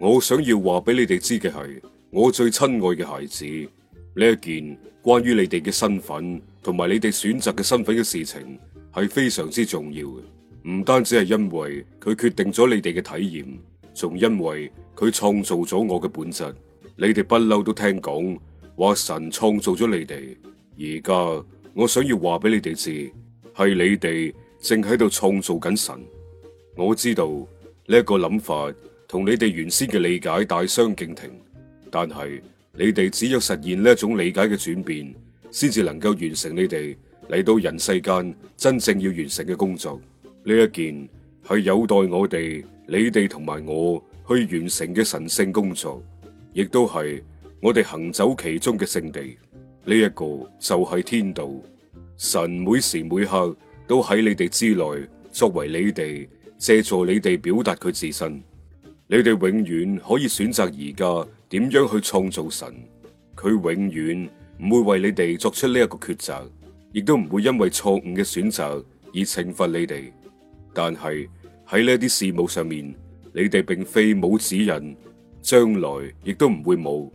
我想要話俾你哋知嘅係，我最親愛嘅孩子，呢一件關於你哋嘅身份同埋你哋選擇嘅身份嘅事情，係非常之重要嘅。唔單止係因為佢決定咗你哋嘅體驗，仲因為佢創造咗我嘅本質。你哋不嬲都聽講話神創造咗你哋，而家我想要話俾你哋知，係你哋正喺度創造緊神。我知道呢一個諗法。同你哋原先嘅理解大相徑庭，但係你哋只有實現呢一種理解嘅轉變，先至能夠完成你哋嚟到人世間真正要完成嘅工作。呢一件係有待我哋、你哋同埋我去完成嘅神聖工作，亦都係我哋行走其中嘅聖地。呢一個就係天道，神每時每刻都喺你哋之內，作為你哋借助你哋表達佢自身。你哋永遠可以選擇而家點樣去創造神，佢永遠唔會為你哋作出呢一個抉擇，亦都唔會因為錯誤嘅選擇而懲罰你哋。但係喺呢啲事務上面，你哋並非冇指引，將來亦都唔會冇。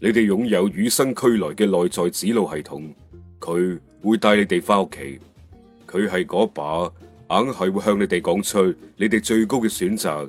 你哋擁有與生俱來嘅內在指路系統，佢會帶你哋返屋企，佢係嗰把硬係會向你哋講出你哋最高嘅選擇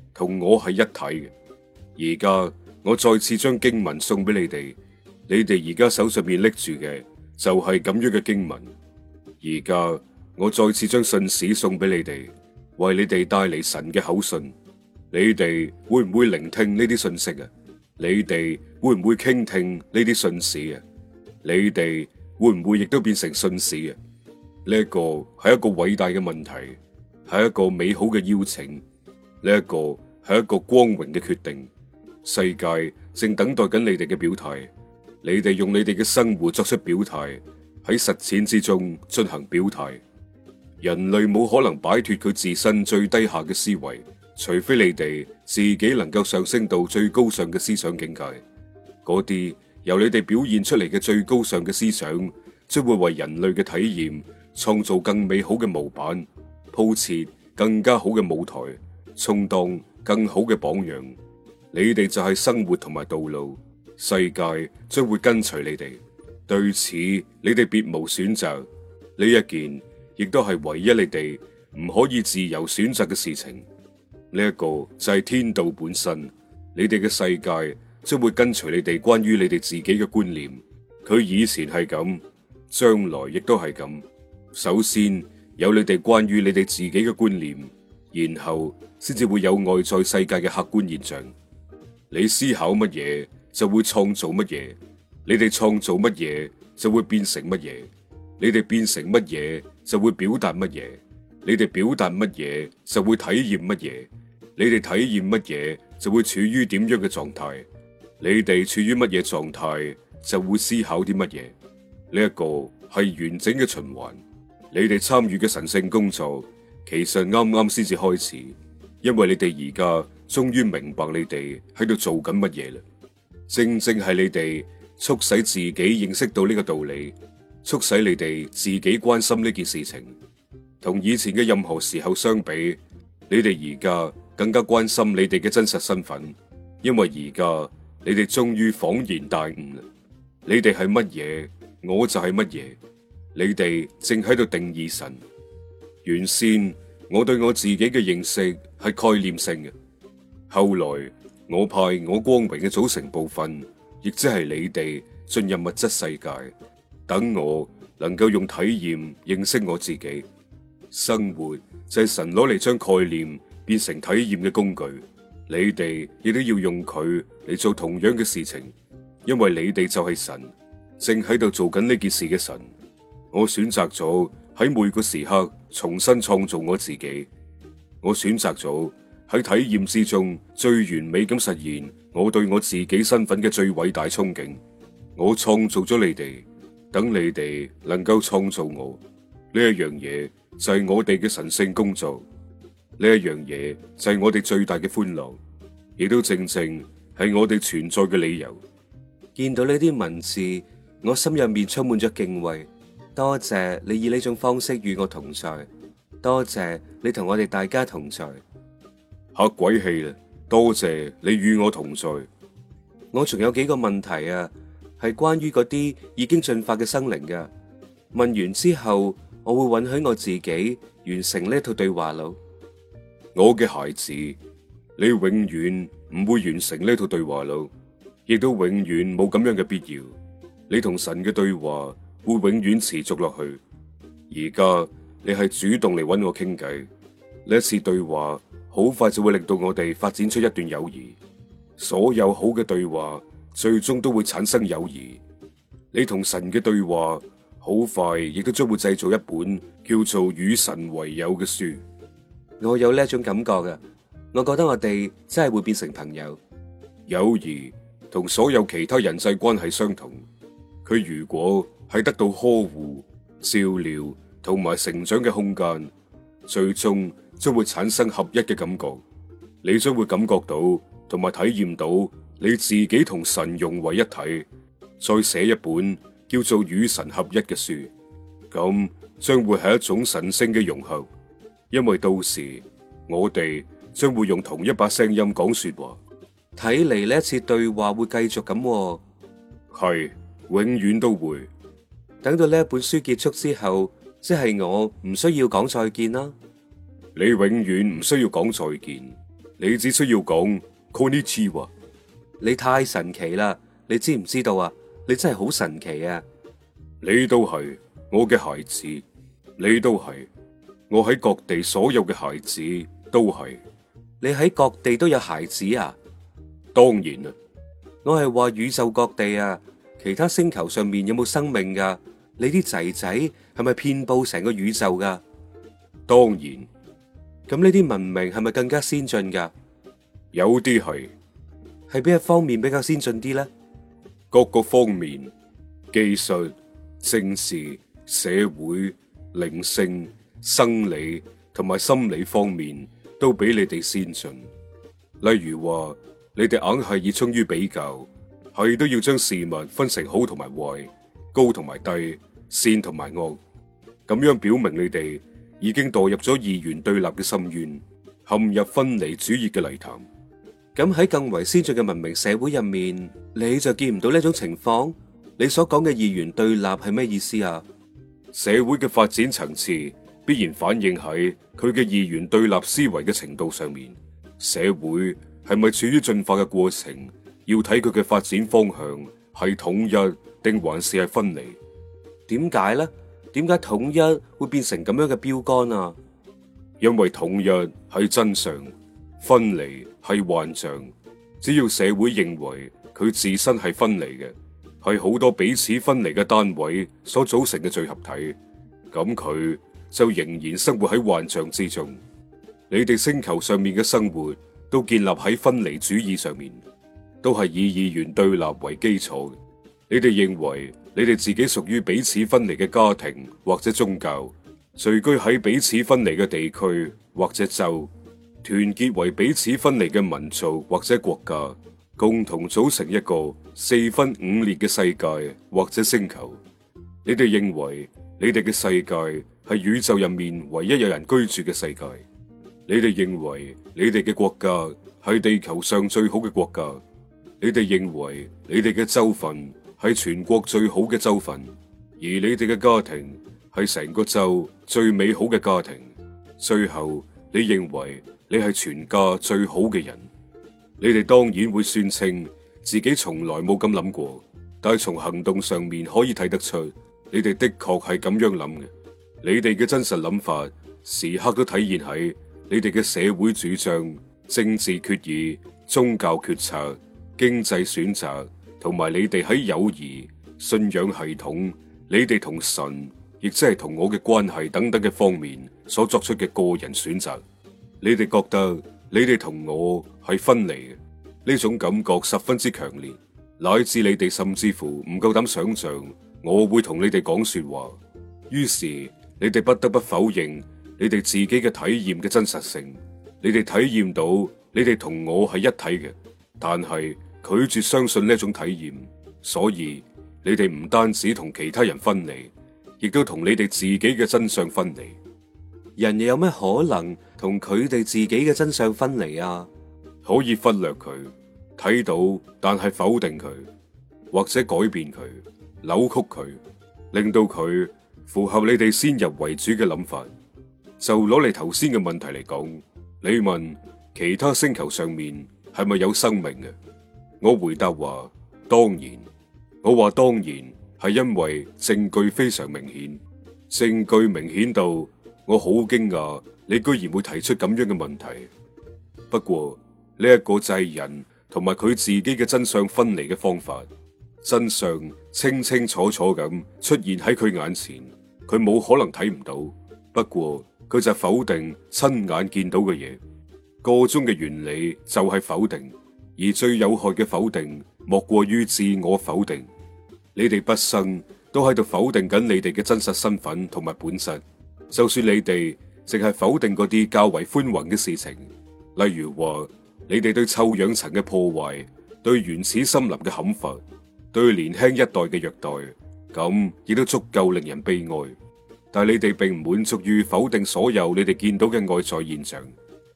同我係一體嘅。而家我再次將經文送俾你哋，你哋而家手上面拎住嘅就係咁樣嘅經文。而家我再次將信使送俾你哋，為你哋帶嚟神嘅口信。你哋會唔會聆聽呢啲信息啊？你哋會唔會傾聽呢啲信使啊？你哋會唔會亦都變成信使啊？呢一個係一個偉大嘅問題，係一個美好嘅邀請。呢一個係一個光榮嘅決定，世界正等待緊你哋嘅表態。你哋用你哋嘅生活作出表態，喺實踐之中進行表態。人類冇可能擺脫佢自身最低下嘅思維，除非你哋自己能夠上升到最高尚嘅思想境界。嗰啲由你哋表現出嚟嘅最高尚嘅思想，將會為人類嘅體驗創造更美好嘅模板，鋪設更加好嘅舞台。充當更好嘅榜樣，你哋就係生活同埋道路，世界將會跟隨你哋。對此，你哋別無選擇。呢一件亦都係唯一你哋唔可以自由選擇嘅事情。呢一個就係天道本身。你哋嘅世界將會跟隨你哋關於你哋自己嘅觀念。佢以前係咁，將來亦都係咁。首先有你哋關於你哋自己嘅觀念。然後先至會有外在世界嘅客觀現象。你思考乜嘢就會創造乜嘢，你哋創造乜嘢就會變成乜嘢，你哋變成乜嘢就會表達乜嘢，你哋表達乜嘢就會體驗乜嘢，你哋體驗乜嘢就會處於點樣嘅狀態，你哋處於乜嘢狀態就會思考啲乜嘢。呢一個係完整嘅循環，你哋參與嘅神聖工作。其實啱啱先至開始，因為你哋而家終於明白你哋喺度做緊乜嘢啦。正正係你哋促使自己認識到呢個道理，促使你哋自己關心呢件事情。同以前嘅任何時候相比，你哋而家更加關心你哋嘅真實身份，因為而家你哋終於恍然大悟啦。你哋係乜嘢，我就係乜嘢。你哋正喺度定義神。原先我對我自己嘅認識係概念性嘅，後來我派我光榮嘅組成部分，亦即係你哋進入物質世界，等我能夠用體驗認識我自己。生活就係神攞嚟將概念變成體驗嘅工具，你哋亦都要用佢嚟做同樣嘅事情，因為你哋就係神，正喺度做緊呢件事嘅神。我選擇咗。喺每個時刻重新創造我自己，我選擇咗喺體驗之中最完美咁實現我對我自己身份嘅最偉大憧憬。我創造咗你哋，等你哋能夠創造我。呢一樣嘢就係我哋嘅神聖工作，呢一樣嘢就係我哋最大嘅歡樂，亦都正正係我哋存在嘅理由。見到呢啲文字，我心入面充滿咗敬畏。多謝你以呢種方式與我同在，多謝你同我哋大家同在，吓鬼氣啦！多謝你與我同在。我仲有幾個問題啊，係關於嗰啲已經進化嘅生靈嘅。問完之後，我會允許我自己完成呢套對話錄。我嘅孩子，你永遠唔會完成呢套對話錄，亦都永遠冇咁樣嘅必要。你同神嘅對話會永遠持續落去。而家你係主動嚟揾我傾偈，呢次對話，好快就會令到我哋發展出一段友誼。所有好嘅對話最終都會產生友誼。你同神嘅對話好快亦都將會製造一本叫做《與神為友》嘅書。我有呢一種感覺嘅啊，我覺得我哋真係會變成朋友。友誼同所有其他人際關係相同，佢如果係得到呵護、照料同埋成長嘅空間，最終將會產生合一嘅感覺。你將會感覺到同埋體驗到你自己同神融為一體，再寫一本叫做《與神合一》嘅書。咁將會係一種神聖嘅融合，因為到時我哋將會用同一把聲音講說話。睇嚟呢次對話會繼續咁，哦。係，永遠都會。等到呢一本書結束之後，即係我唔需要講再見啦。你永遠唔需要講再見，你只需要講 Konnichiwa。話你太神奇啦！你知唔知道啊？你真係好神奇啊！你都係我嘅孩子，你都係我喺各地所有嘅孩子都係。你喺各地都有孩子啊？當然啦，我係話宇宙各地啊。其他星球上面有冇生命噶？你啲仔仔係咪遍佈成個宇宙噶？當然，咁呢啲文明係咪更加先進噶？有啲係，係邊一方面比較先進啲咧？各個方面，技術、政治、社會、靈性、生理同埋心理方面都比你哋先進。例如話，你哋硬係熱衷於比較。係都要將事物分成好同埋壞、高同埋低、善同埋惡，咁樣表明你哋已經墮入咗二元對立嘅深淵，陷入分離主義嘅泥潭。咁喺更為先進嘅文明社會入面，你就見唔到呢種情況。你所講嘅二元對立係咩意思啊？社會嘅發展層次必然反映喺佢嘅二元對立思維嘅程度上面。社會係咪處於進化嘅過程？要睇佢嘅發展方向係統一定還是係分離？點解咧？點解統一會變成咁樣嘅標杆啊？因為統一係真相，分離係幻象。只要社會認為佢自身係分離嘅，係好多彼此分離嘅單位所組成嘅聚合體，咁佢就仍然生活喺幻象之中。你哋星球上面嘅生活都建立喺分離主義上面。都係以二元對立為基礎。你哋認為你哋自己屬於彼此分離嘅家庭或者宗教，聚居喺彼此分離嘅地區或者州，團結為彼此分離嘅民族或者國家，共同組成一個四分五裂嘅世界或者星球。你哋認為你哋嘅世界係宇宙入面唯一有人居住嘅世界。你哋認為你哋嘅國家係地球上最好嘅國家。你哋認為你哋嘅州份係全國最好嘅州份，而你哋嘅家庭係成個州最美好嘅家庭。最後，你認為你係全家最好嘅人。你哋當然會宣稱自己從來冇咁諗過，但係從行動上面可以睇得出，你哋的確係咁樣諗嘅。你哋嘅真實諗法時刻都體現喺你哋嘅社會主張、政治決議、宗教決策。經濟選擇同埋你哋喺友誼、信仰系統、你哋同神亦即係同我嘅關係等等嘅方面所作出嘅個人選擇，你哋覺得你哋同我係分離嘅，呢種感覺十分之強烈，乃至你哋甚至乎唔夠膽想象我會同你哋講說話，於是你哋不得不否認你哋自己嘅體驗嘅真實性，你哋體驗到你哋同我係一體嘅，但係，拒絕相信呢種體驗，所以你哋唔單止同其他人分離，亦都同你哋自己嘅真相分離。人又有咩可能同佢哋自己嘅真相分離啊？可以忽略佢，睇到但係否定佢，或者改變佢，扭曲佢，令到佢符合你哋先入為主嘅諗法。就攞你頭先嘅問題嚟講，你問其他星球上面係咪有生命嘅？我回答話：當然，我話當然係因為證據非常明顯，證據明顯到我好驚訝你居然會提出咁樣嘅問題。不過呢一個制人同埋佢自己嘅真相分離嘅方法，真相清清楚楚咁出現喺佢眼前，佢冇可能睇唔到。不過佢就否定親眼見到嘅嘢，個中嘅原理就係否定。而最有害嘅否定，莫過於自我否定。你哋畢生，都喺度否定緊你哋嘅真實身份同埋本質。就算你哋淨係否定嗰啲較為寬宏嘅事情，例如話你哋對臭氧層嘅破壞、對原始森林嘅砍伐、對年輕一代嘅虐待，咁亦都足夠令人悲哀。但係你哋並唔滿足於否定所有你哋見到嘅外在現象。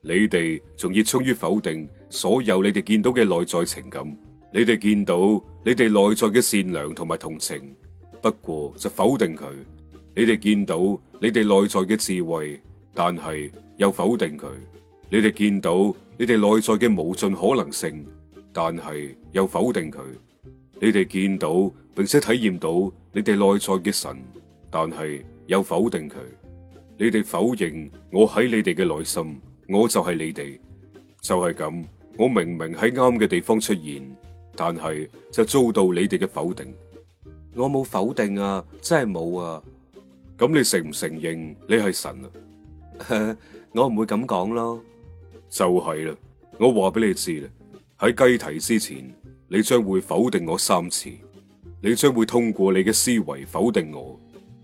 你哋仲熱衷於否定所有你哋見到嘅內在情感，你哋見到你哋內在嘅善良同埋同情，不過就否定佢；你哋見到你哋內在嘅智慧，但係又否定佢；你哋見到你哋內在嘅無盡可能性，但係又否定佢；你哋見到並且體驗到你哋內在嘅神，但係又否定佢；你哋否認我喺你哋嘅內心。我就係你哋，就係咁。我明明喺啱嘅地方出現，但係就遭到你哋嘅否定。我冇否定啊，真係冇啊。咁你承唔承認你係神啊？ 我唔會咁講咯。就係啦，我話俾你知啦。喺雞啼之前，你將會否定我三次。你將會通過你嘅思維否定我，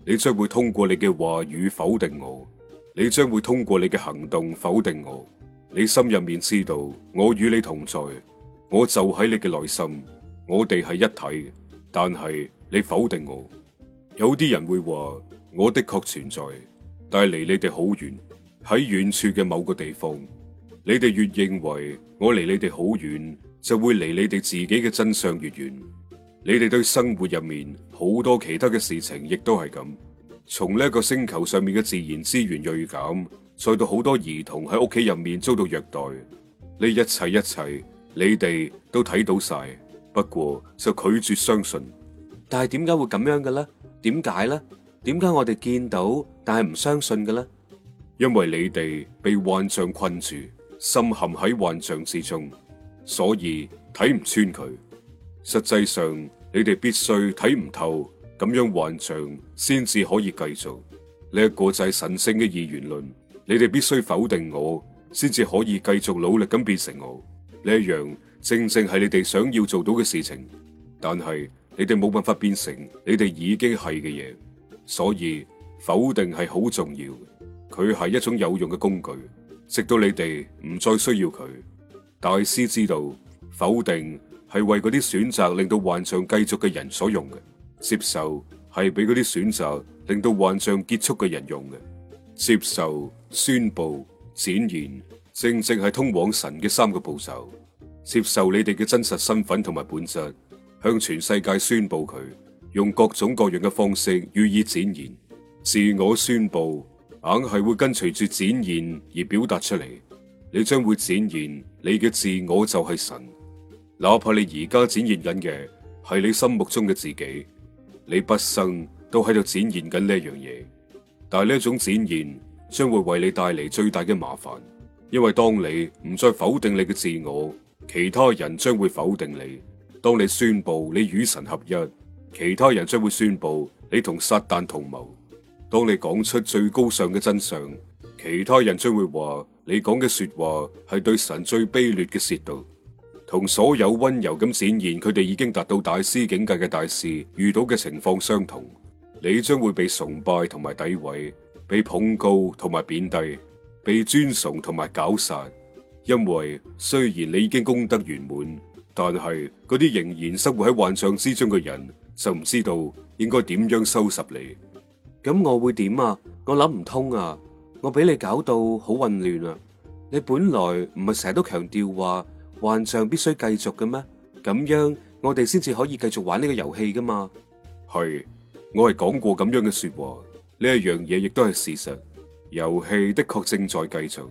你將會通過你嘅話語否定我。你將會通過你嘅行動否定我。你心入面知道我與你同在，我就喺你嘅內心，我哋係一體。但係你否定我。有啲人會話我的確存在，但係離你哋好遠，喺遠處嘅某個地方。你哋越認為我離你哋好遠，就會離你哋自己嘅真相越遠。你哋對生活入面好多其他嘅事情亦都係咁。從呢個星球上面嘅自然資源銳減，再到好多兒童喺屋企入面遭到虐待，呢一切一切，你哋都睇到晒。不過就拒絕相信。但係點解會咁樣嘅呢？點解呢？點解我哋見到但係唔相信嘅呢？因為你哋被幻象困住，深陷喺幻象之中，所以睇唔穿佢。實際上，你哋必須睇唔透。咁樣幻象先至可以繼續呢一。這個就係神聖嘅二元論，你哋必須否定我先至可以繼續努力咁變成我，呢一樣，呢一樣，正正係你哋想要做到嘅事情。但係你哋冇辦法變成你哋已經係嘅嘢，所以否定係好重要，佢係一種有用嘅工具，直到你哋唔再需要佢。大師知道否定係為嗰啲選擇令到幻象繼續嘅人所用嘅。接受係俾嗰啲選擇令到幻象結束嘅人用嘅。接受、宣布、展現，正正係通往神嘅三個步驟。接受你哋嘅真實身份同埋本質，向全世界宣布佢，用各種各樣嘅方式予以展現。自我宣布，硬係會跟隨住展現而表達出嚟。你將會展現你嘅自我就係神，哪怕你而家展現緊嘅係你心目中嘅自己。你畢生都喺度展現緊呢樣嘢，但係呢種展現將會為你帶嚟最大嘅麻煩，因為當你唔再否定你嘅自我，其他人將會否定你；當你宣布你與神合一，其他人將會宣布你同撒旦同謀；當你講出最高尚嘅真相，其他人將會話你講嘅說話係對神最卑劣嘅褻瀆。同所有溫柔咁展現，佢哋已經達到大師境界嘅大師遇到嘅情況相同。你將會被崇拜同埋詆毀，被捧高同埋貶低，被尊崇同埋搞殺。因為雖然你已經功德圓滿，但係嗰啲仍然生活喺幻象之中嘅人就唔知道應該點樣收拾你。咁我會點啊？我諗唔通啊！我俾你搞到好混亂啊！你本來唔係成日都強調話，幻象必須繼續嘅咩？咁樣我哋先至可以繼續玩呢個遊戲噶嘛？係，我係講過咁樣嘅說話，呢一樣嘢亦都係事實。遊戲的確正在繼續，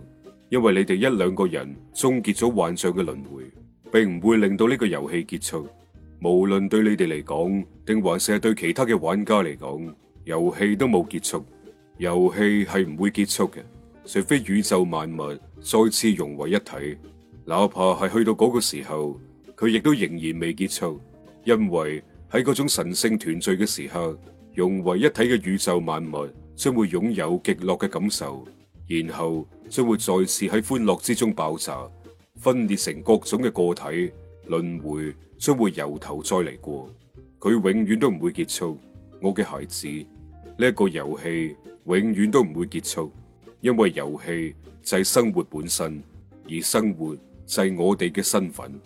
因為你哋一兩個人終結咗幻象嘅輪迴，並唔會令到呢個遊戲結束。無論對你哋嚟講，定還是係對其他嘅玩家嚟講，遊戲都冇結束。遊戲係唔會結束嘅，除非宇宙萬物再次融為一體。哪怕係去到嗰個時候，佢亦都仍然未結束，因為喺嗰種神聖團聚嘅時候，融為一體嘅宇宙萬物將會擁有極樂嘅感受，然後將會再次喺歡樂之中爆炸，分裂成各種嘅個體，輪回將會由頭再嚟過。佢永遠都唔會結束，我嘅孩子，呢個遊戲永遠都唔會結束，因為遊戲就係生活本身，而生活。係我哋嘅身份。